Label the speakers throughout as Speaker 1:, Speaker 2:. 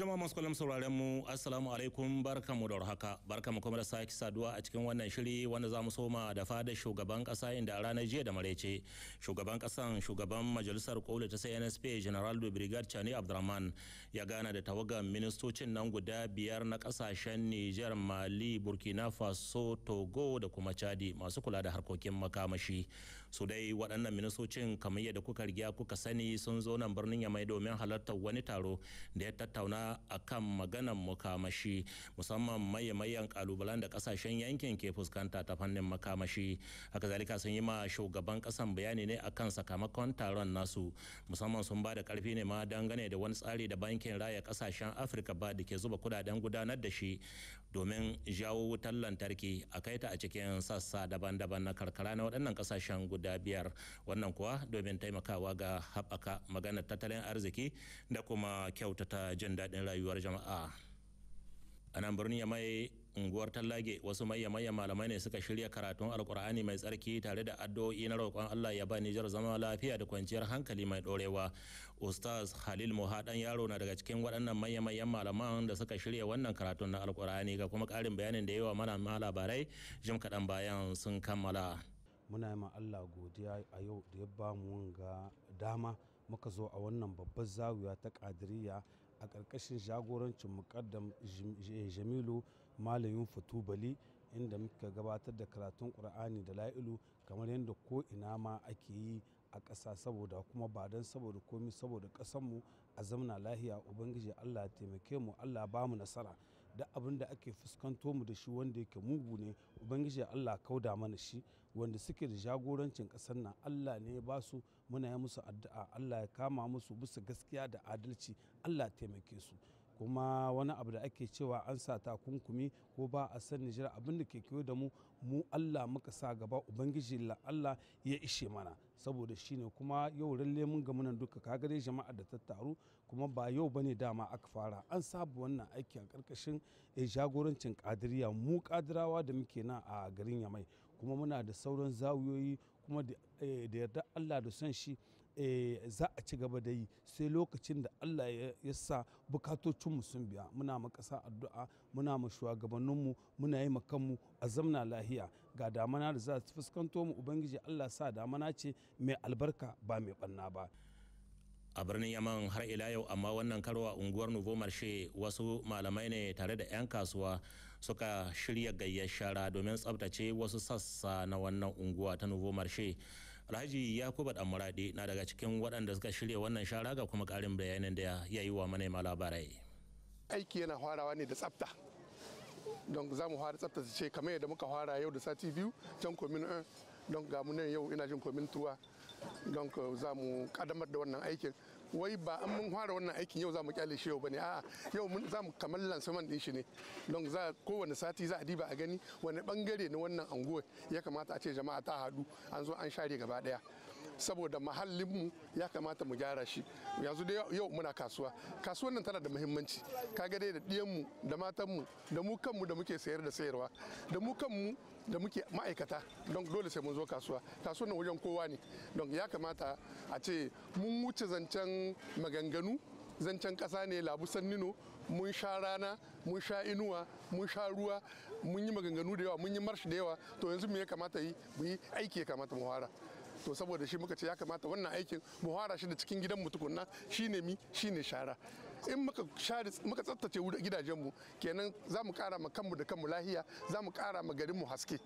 Speaker 1: Jama'a masu kwallon sauraren mu Assalamu alaikum mu da warhaka mu kuma da sake saduwa a cikin wannan shiri wanda za mu soma da fadar shugaban kasa inda a ranar jiya da maraice shugaban kasan shugaban majalisar kola ta nsp General de Brigade Chani Abdurrahman ya gana da tawagan ministocin nan guda biyar na kasashen Niger, Mali, Burkina Faso, Togo da kuma Chadi masu kula da harkokin makamashi. Su dai waɗannan ministocin kamar yadda kuka riga kuka sani sun zo nan birnin Yamai domin halartar wani taro da ya tattauna a kan maganan makamashi musamman mayan kalubalen da kasashen yankin ke fuskanta ta fannin makamashi haka zalika sun yi ma shugaban kasan bayani ne akan sakamakon taron nasu musamman sun ba da karfi ne ma dangane da wani tsari da bankin raya kasashen afirka ba da ke zuba kudaden gudanar da shi domin jawo wutar lantarki a kai ta a cikin sassa daban-daban na karkara na waɗannan kasashen guda biyar wannan kuwa domin taimakawa ga haɓaka maganar tattalin arziki da kuma kyautata jin daɗin daɗin rayuwar jama'a a nan birnin mai unguwar tallage wasu mayya malamai ne suka shirya karatun alkur'ani mai tsarki tare da addu'o'i na roƙon allah ya ba nijar zama lafiya da kwanciyar hankali mai ɗorewa ustaz halil muhaɗan yaro na daga cikin waɗannan mayya malaman da suka shirya wannan karatun na alkur'ani ga kuma ƙarin bayanin da yawa mana ma labarai jim kaɗan bayan sun kammala
Speaker 2: muna yi ma allah godiya a yau da ya ba mu dama muka zo a wannan babbar zawiya ta ƙadiriya a ƙarƙashin jagorancin muƙaddam jamilu malayin fatubali inda muka gabatar da karatun ƙur'ani da la'ilu kamar yadda ko ina ma ake yi a ƙasa saboda kuma ba don saboda komi saboda ƙasanmu a zamana lahiya ubangiji allah taimake mu allah ba mu nasara da abin da ake fuskanto mu da shi wanda yake mugu ne ubangiji allah kauda mana shi wanda suke da jagorancin ƙasar nan allah ne ba su muna yi musu addu'a Allah ya kama musu bisa gaskiya da adalci Allah taimake su kuma wani abu da ake cewa an sa takunkumi ko ba a san Nijar abin da ke kewa da mu mu Allah muka sa gaba ubangiji Allah ya ishe mana saboda shi ne kuma yau ralle mun ga munan duka kaga dai jama'a da ta taru kuma ba yau bane dama aka fara an sabu wannan aiki a karkashin eh, jagorancin kadiriya mu kadirawa da muke na a garin Yamai kuma muna da sauran zawiyoyi kuma da Eh, da yarda Allah da son shi eh, za a ci gaba da yi sai lokacin da Allah ya sa bukatocinmu sun biya muna makasa addu'a muna ma shugabanninmu muna yi ma kanmu a zamna lahiya ga damana da za su fuskanto mu ubangiji Allah sa damana ce mai albarka ba mai ɓanna ba
Speaker 1: a birnin yaman har ila yau amma wannan karo unguwar nouveau marshe wasu malamai ne tare da 'yan kasuwa suka shirya gayyar shara domin tsabtace wasu sassa na wannan unguwa ta nouveau marshe alhaji yakubu dan muradi na daga cikin waɗanda suka shirya wannan shara ga kuma ƙarin bayanin da ya yi wa manema labarai
Speaker 3: aiki yana farawa ne da tsafta don za mu fara tsaftace ce kamar yadda muka fara yau da sati biyu can komin eh, don ga mu nan yau ina jin komin tuwa don za mu kadamar da wannan aikin wai ba an mun fara wannan aikin yau za mu kyale shi yau bane a'a yau mun za mu kamar lansaman din shi ne don za kowane sati za a diba a gani wani bangare na wannan unguwar ya kamata a ce jama'a ta haɗu an zo an share gaba daya saboda mahallinmu ya kamata mu gyara shi yanzu da yau muna kasuwa kasuwan nan tana da muhimmanci kaga dai da ɗiyanmu da matanmu da mu kanmu da muke sayar da sayarwa da mu kanmu da muke ma'aikata don dole sai mun zo kasuwa kasuwan nan wajen kowa ne don ya kamata a ce mun wuce zancen maganganu zancen ƙasa ne labusan nino mun sha rana mun sha inuwa mun sha ruwa mun yi maganganu da yawa mun yi marshi da yawa to yanzu me ya kamata yi mu yi aiki ya kamata mu fara to saboda shi muka ce ya kamata wannan aikin mu fara shi da cikin gidan mu tukunna shine mi shine shara in muka share muka tsaftace gidajenmu kenan za mu kara ma kanmu da kanmu lahiya za mu kara ma garinmu haske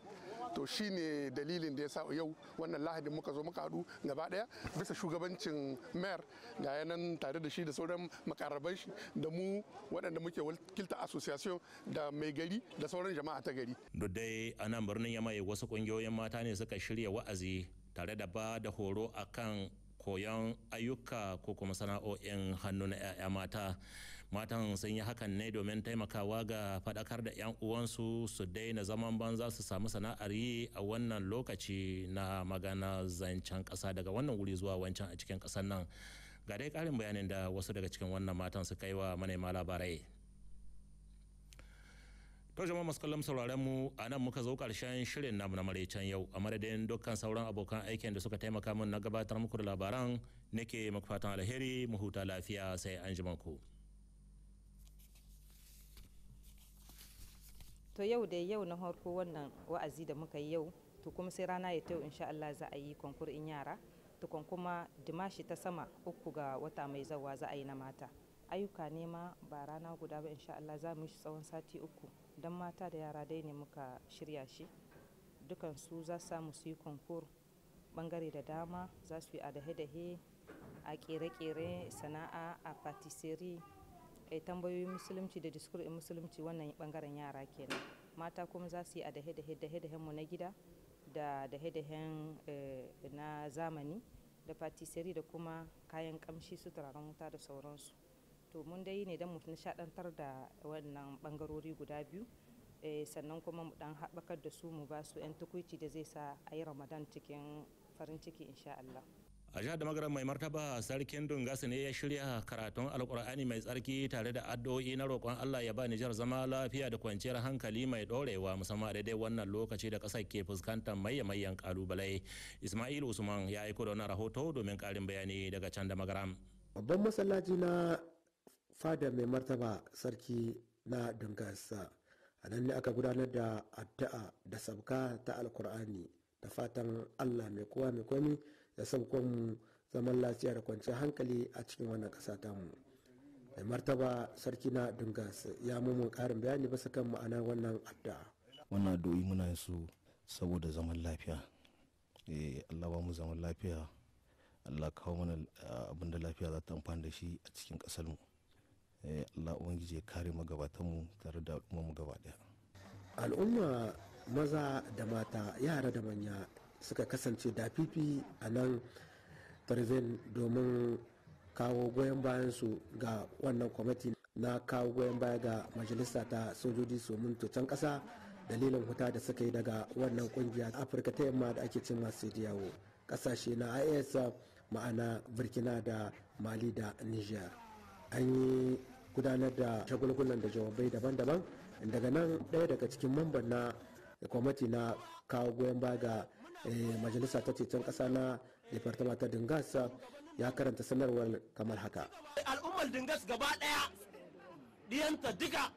Speaker 3: to shine dalilin da ya sa yau wannan lahadin muka zo muka haɗu gaba ɗaya bisa shugabancin mayor ga yanan tare da shi da sauran makaraban shi da mu waɗanda muke wakilta association da mai gari da sauran jama'a ta gari.
Speaker 1: Duk dai a nan birnin Yamai wasu ƙungiyoyin mata ne suka shirya wa'azi tare da ba da horo a kan koyon ayyuka ko kuma sana'o'in hannu na 'ya'ya mata matan sun yi hakan ne domin taimakawa ga faɗakar da 'yan uwansu su daina zaman banza su samu sana'ar yi a wannan lokaci na magana zancen ƙasa daga wannan wuri zuwa wancan a cikin kasar nan ga dai ƙarin bayanin da wasu daga cikin wannan matan suka kai wa manema labarai To jama'a masu kallon sauraron mu a nan muka zo karshen shirin namu na maraicen yau a madadin dukkan sauran abokan aikin da suka taimaka min na gabatar muku da labaran nake muku fatan alheri mu huta lafiya sai an jima ku.
Speaker 4: To yau da yau na harko wannan wa'azi da muka yi yau to kuma sai rana ya tau insha Allah za a yi in yara to kuma dimashi ta sama uku ga wata mai zawa za a yi na mata. ayyuka ne ma ba rana guda ba insha Allah za mu yi shi tsawon sati uku don mata da yara dai ne muka shirya shi dukan su za su samu su yi konkur bangare da dama za su yi a dahe-dahe a kere-kere sana'a a patisserie a tambayoyin musulunci da diskurin musulunci wannan bangaren yara kenan mata kuma za su yi a dahe-dahe dahe mu na gida da dahe-dahen eh, na zamani da patisserie da kuma kayan kamshi su turaren wuta da sauransu to mun dai ne don mu nishadantar da wannan bangarori guda biyu eh, sannan kuma mu dan haɓakar da su mu ba su 'yan tukuici da zai sa a yi ramadan cikin farin ciki insha Allah.
Speaker 1: a jihar da mai martaba sarkin dungasa ne ya shirya karatun alkur'ani mai tsarki tare da addu'o'i na roƙon allah ya ba nijar zama lafiya da kwanciyar hankali mai ɗorewa musamman a daidai wannan lokaci da ƙasar ke fuskantar maye-mayen ƙalubale ismail usman ya aiko da wani rahoto domin ƙarin bayani daga can da magaram
Speaker 5: babban masallaci na fada mai martaba sarki na dangasa a nan ne aka gudanar da addu'a da sabka ta alkur'ani da fatan allah mai kowa mai komi da sabkon zaman lafiya da kwanciyar hankali a cikin wannan ta mu mai martaba sarki na dungas ya mummun ƙarin bayani basa kan ma'ana wannan addu'a wannan addu'o'i muna yin su saboda zaman lafiya eh, allah ba mu zaman lafiya allah kawo mana eh, abin da lafiya za ta amfani da shi a cikin kasar mu Eh, Allah ya kare magabatanmu tare da al'ummarmu gaba daya al'umma maza da mata yara da manya suka kasance da fifi a nan tarzin domin kawo goyon bayan su ga wannan kwamiti na kawo goyon baya ga majalisa ta sojoji mun tutan kasa dalilin huta da suka yi daga wannan kungiya afirka ta yamma da ake cin masu yawo kasashe na is ma'ana burkina da mali da niger an yi gudanar da shagulgulan da jawabai daban-daban daga nan ɗaya daga cikin mamban na kwamiti na kawo goyon baya ga eh, majalisa ta ceton ƙasa na departament ta dingas ya karanta sanarwar kamar haka
Speaker 6: al'ummar dingas gaba ɗaya diyanta duka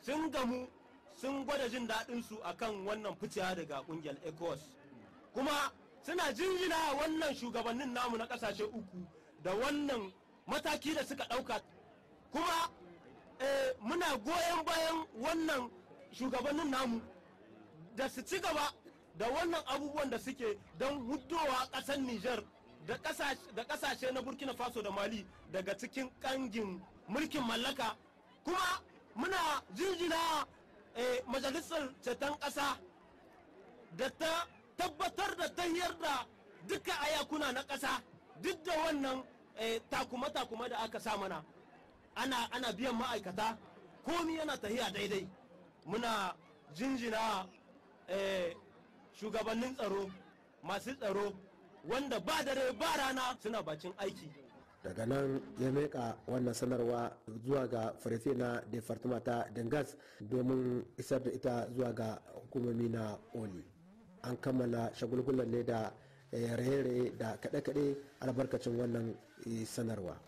Speaker 6: sun gamu sun gwada jin daɗin su akan wannan ficiya daga ƙungiyar ecos kuma suna jinjina wannan shugabannin namu na ƙasashe uku da wannan mataki da suka ɗauka kuma eh, muna goyon bayan wannan shugabannin namu da su ci gaba da wannan abubuwan da suke don hudowa ƙasar Nijar da ƙasashe na Burkina Faso da Mali daga cikin ƙangin mulkin mallaka kuma muna jinjina eh, majalisar ceton ƙasa da ta tabbatar da ta yarda duka ayakuna na ƙasa duk da wannan takuma eh, takuma da aka sa mana ana ana biyan ma'aikata komi yana tahiya daidai muna jinjina eh, shugabannin tsaro masu tsaro wanda ba dare ba rana suna bacin aiki
Speaker 5: daga nan ya meka wannan sanarwa zuwa ga farfe na departement ta dangas domin isar da ita zuwa ga hukumomi na oli an kammala shagulgulan ne da eh, raye-raye da kaɗe-kaɗe albarkacin wannan eh, sanarwa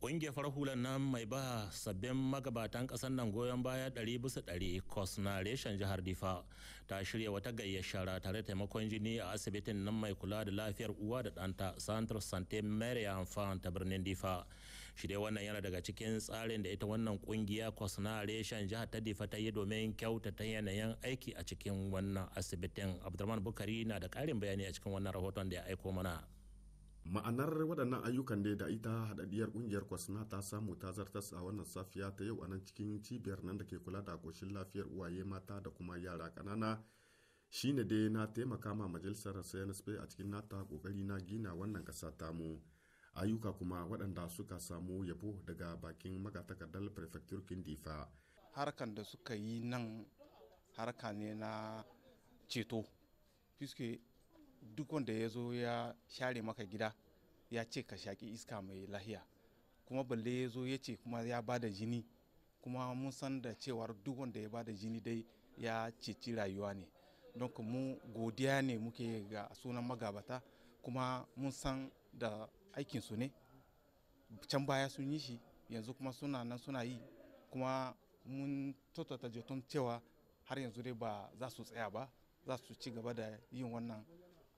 Speaker 1: Ƙungiyar farhulan nan mai ba sabbin magabatan ƙasar nan goyon baya ɗari bisa ɗari na reshen jihar Difa ta shirya wata gayyashara tare taimakon jini a asibitin nan mai kula da lafiyar uwa da ɗanta Santar Sante Maria Amfan ta birnin Difa. Shi dai wannan yana daga cikin tsarin da ita wannan ƙungiya na reshen jihar ta Difa ta yi domin kyautata yanayin aiki a cikin wannan asibitin. Abdulrahman Bukari na da ƙarin bayani a cikin wannan rahoton da ya aiko mana.
Speaker 7: ma'anar waɗannan ayyukan ne da ita haɗaɗɗiyar ƙungiyar kwasna ta samu ta zartas a wannan safiya ta yau a nan cikin cibiyar nan da ke kula da ƙoshin lafiyar uwaye mata da kuma yara ƙanana shine dai na taimaka ma majalisar cnsp a cikin nata ƙoƙari na gina wannan ƙasa tamu ayyuka kuma waɗanda suka samu yabo daga bakin magatakardar prefecture
Speaker 8: kindifa
Speaker 7: harkan da suka yi nan harka ne na ceto duk wanda ya zo ya share maka gida ya ce ka shaki iska mai lahiya kuma balle ya zo ya ce kuma ya ba da jini kuma mun san da cewar duk wanda ya ba da jini dai ya ceci rayuwa ne don mu godiya ne muke ga sunan magabata kuma mun san da aikinsu ne can baya sun yi shi yanzu kuma suna nan suna yi kuma mun tattata jatun cewa har yanzu dai ba za su tsaya ba za su ci gaba da yin wannan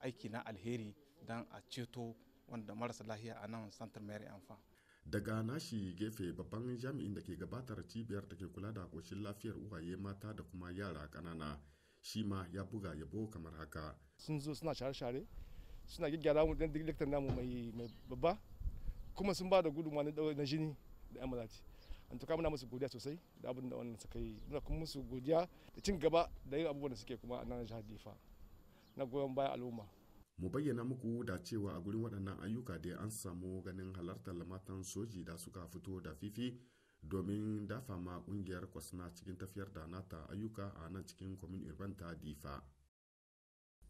Speaker 7: aiki na alheri don a ceto wanda marasa lahiya a nan santar mayar amfa daga nashi gefe babban jami'in da ke gabatar cibiyar da ke kula da koshin lafiyar uwaye mata da kuma yara ƙanana shi ma ya buga yabo kamar haka
Speaker 6: sun zo suna share-share suna gyaggyara mu dan likitan namu mai babba kuma sun ba da gudunmawa na jini da yan malati an tuka muna musu godiya sosai da abin da wannan suka yi muna kuma musu godiya da cin gaba da yin abubuwan da suke kuma a nan jihar difa na goyon bayan al'umma
Speaker 7: mu bayyana muku da cewa a gurin waɗannan ayyuka da an samu ganin halartar lamatan soji da suka fito da fifi domin dafa ma
Speaker 1: ƙungiyar kwasna cikin tafiyar da nata ayyuka a nan cikin kwamin urban ta difa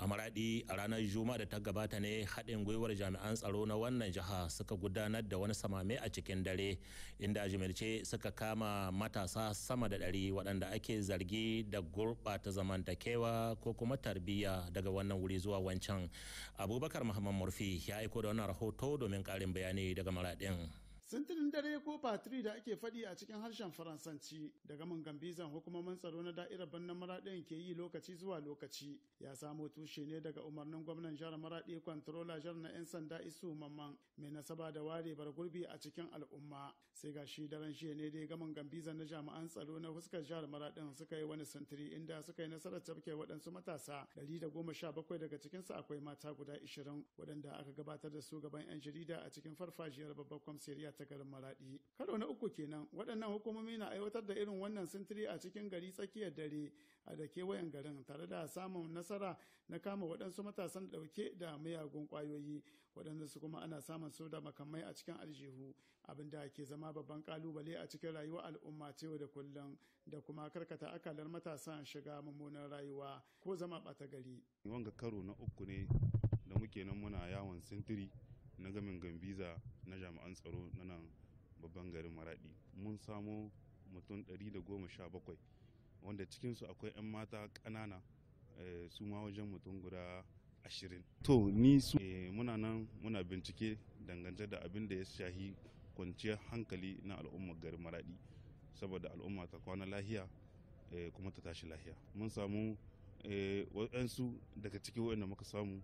Speaker 1: a maradi a ranar juma'a da ta gabata ne haɗin gwiwar jami'an tsaro na wannan jiha suka gudanar da wani samame a cikin dare inda jimirce suka kama matasa sama da ɗari waɗanda ake zargi da gurɓata zamantakewa ko kuma tarbiyya daga wannan wuri zuwa wancan abubakar muhammad murfi ya aiko da wannan rahoto domin ƙarin bayani daga maraɗin.
Speaker 8: Sintirin dare ko patri da ake faɗi a cikin harshen Faransanci daga mangambizan hukumomin tsaro na da'irar birnin maraɗin ke yi lokaci zuwa lokaci ya samo tushe ne daga umarnin gwamnan jihar maraɗi kwantarola jihar na 'yan sanda isu mamman mai nasaba da ware bar gurbi a cikin al'umma sai ga shi daren shi ne dai gaman gambizan na jami'an tsaro na fuskar jihar maraɗin suka yi wani sintiri inda suka yi nasarar tafke waɗansu matasa ɗari da goma sha bakwai daga cikinsu akwai mata guda ishirin waɗanda aka gabatar da su gaban 'yan jarida a cikin farfajiyar babbar kwamsiriya ta garin Maraɗi. Karo na uku kenan waɗannan hukumomi na aiwatar da irin wannan sintiri a cikin gari tsakiyar dare a da kewayen garin tare da samun nasara na kama waɗansu matasan ɗauke da miyagun ƙwayoyi waɗanda su kuma ana samun su da makamai a cikin aljihu abin da ke zama babban kalubale a cikin rayuwar al'umma ta yau da kullum da kuma karkata akalar matasan shiga mummunan rayuwa ko zama ɓata gari.
Speaker 7: Wanga karo na uku ne da muke nan muna yawon sintiri na gamin gambiza na jami'an tsaro na nan babban garin maraɗi mun samo mutum ɗari da goma sha bakwai wanda cikinsu akwai 'yan mata ƙanana eh, su ma wajen mutum guda ashirin. To ni su eh, muna nan muna bincike dangance da abin da ya shahi kwanciyar hankali na al'ummar garin maraɗi saboda al'umma ta kwana lahiya eh, kuma ta tashi lahiya. Mun samu waɗansu daga ciki waɗanda muka samu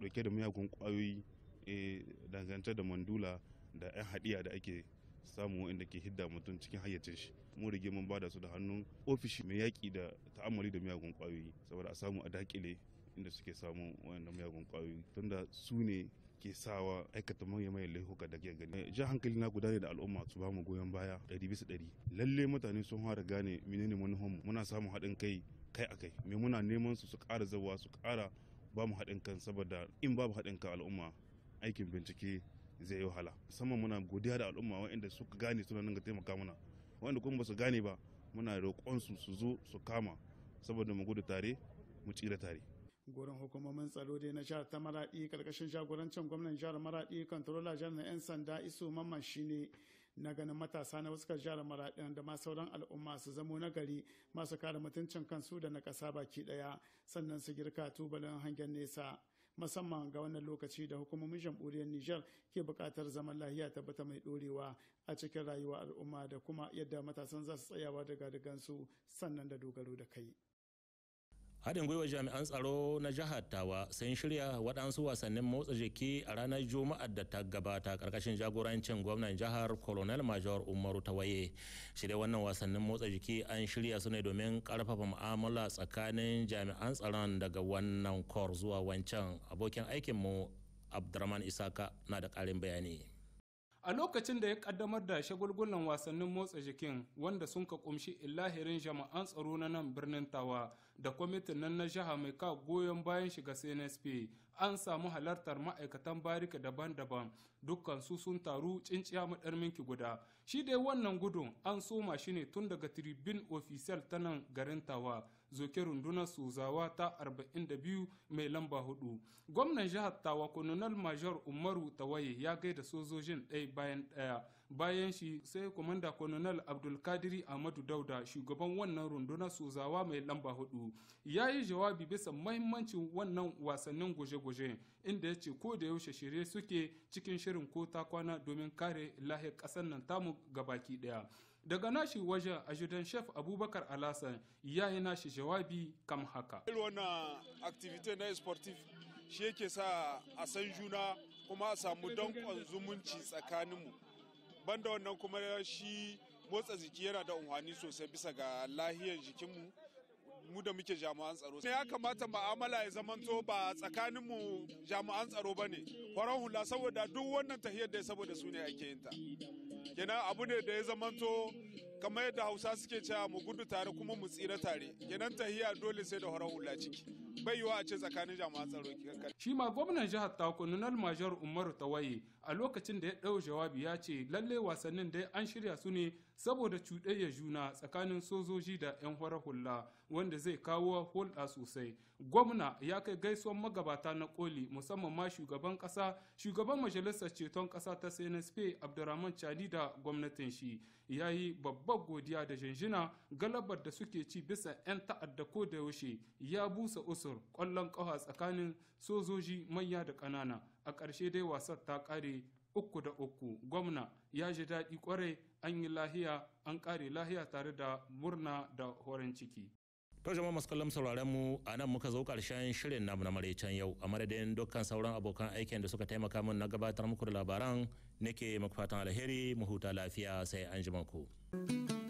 Speaker 7: ɗauke da miyagun ƙwayoyi e da mandula da 'yan haɗiya da ake samu wanda ke hidda mutum cikin hayyacin shi mun rige mun bada su da hannun ofishi mai yaki da ta'amali da miyagun kwayoyi saboda a samu a dakile inda suke samun wayannan miyagun ƙwayoyi tunda su ne ke sawa aikata manya-manyan laifuka da ke gani ja hankali na guda ne da al'umma su ba mu goyon baya ɗari bisa ɗari lalle mutane sun fara gane menene manufanmu muna samun haɗin kai kai a kai me muna neman su su ƙara zawa su ƙara ba mu haɗin kan saboda in babu haɗin kan al'umma aikin bincike zai yi wahala musamman muna godiya da al'umma waɗanda suka gane suna nan ga taimaka mana waɗanda kuma ba su gane ba muna roƙonsu su zo su kama saboda mu gudu tare mu tsira tare
Speaker 8: gurin hukumomin tsaro dai na jihar ta maraɗi karkashin jagorancin gwamnan jihar maraɗi kantarola jihar na 'yan sanda isu mamman ne na ganin matasa na wasu jihar maraɗin da ma sauran al'umma su zamo na gari masu kare mutuncin kansu da na ƙasa baki ɗaya sannan su girka tubalin hangen nesa musamman ga wannan lokaci da hukumomin jamhuriyar Nijar ke buƙatar zaman lahiya tabbata mai ɗorewa a cikin rayuwar al'umma da kuma yadda matasan za su tsayawa daga dagansu sannan da dogaro da kai.
Speaker 1: haɗin gwiwa jami'an tsaro na jihar tawa sun shirya waɗansu wasannin motsa jiki a ranar juma'ar da ta gabata ƙarƙashin jagorancin gwamnan jihar colonel major umaru tawaye shirya wannan wasannin motsa jiki an shirya su ne domin ƙarfafa mu'amala tsakanin jami'an tsaron daga wannan kor zuwa wancan abokin aikinmu abdurrahman isaka na da ƙarin bayani
Speaker 9: a lokacin da ya kaddamar da shagulgulan wasannin motsa jikin wanda sun ka kumshi illahirin jama'an tsaro na nan birnin tawa da kwamitin nan na jiha mai ka goyon bayan shiga cnsp an samu halartar ma'aikatan barika daban-daban dukkan su sun taru cinciya minki guda shi dai wannan gudun an soma shi ne tun daga tribune official ta nan garin tawa zoke rundunar suzawa ta 42 mai lamba hudu gwamnan jihar tawa Kononal major umaru tawaye ya gaida sojojin ɗaya bayan ɗaya bayan shi sai kwamanda colonel abdulkadiri ahmadu dauda shugaban wannan rundunar suzawa mai lamba hudu ya yi jawabi bisa mahimmancin wannan wasannin gwaje-gwaje inda ya ce ko da yaushe shirye suke cikin shirin ko ta kwana domin kare lahiyar ƙasar nan tamu gabaki ɗaya daga nashi wajen ajudan chef abubakar alasan ya yi nashi jawabi kam haka
Speaker 2: wannan
Speaker 7: activity na sportif shi yake sa a san juna kuma a samu dankon zumunci tsakaninmu banda wannan kuma shi motsa jiki yana da unhwani sosai bisa ga lahiyar jikinmu mu da muke jami'an tsaro ya kamata ma'amala ya zamanto ba tsakanin mu jami'an tsaro ba ne farar hula saboda duk wannan tahiyar da saboda su ne ake yin ta kenan abu ne da ya zamanto kamar yadda hausa suke cewa mu gudu tare kuma mu tsira tare kenan tahiya dole sai da horar hula ciki bai yiwa a ce tsakanin jama'a tsaro
Speaker 9: shi ma gwamnan jihar takununan major umaru tawaye a lokacin da ya ɗau jawabi ya ce lallai wasannin dai an shirya su ne saboda cuɗayya juna tsakanin sojoji da 'yan horar hula wanda zai kawo hulɗa sosai gwamna ya kai gaisuwan magabata na koli musamman ma shugaban ƙasa shugaban majalisar ceton ƙasa ta cnsp abdurrahman chani da gwamnatin shi ya yi babbar godiya da jinjina galabar da suke ci bisa 'yan ta'adda ko da yaushe ya busa usur ƙwallon ƙafa tsakanin sojoji manya da ƙanana a ƙarshe dai wasar ta ƙare uku da uku gwamna ya ji daɗi kwarai an yi lahiya an ƙare lahiya tare da murna da horon ciki
Speaker 1: To jama'a masu kallon sauraron mu a nan muka zo ƙarshen shirin namu na maraicen yau a madadin dukkan sauran abokan aikin da suka taimaka min na gabatar muku da labaran nake muku fatan alheri mu huta lafiya sai an ku.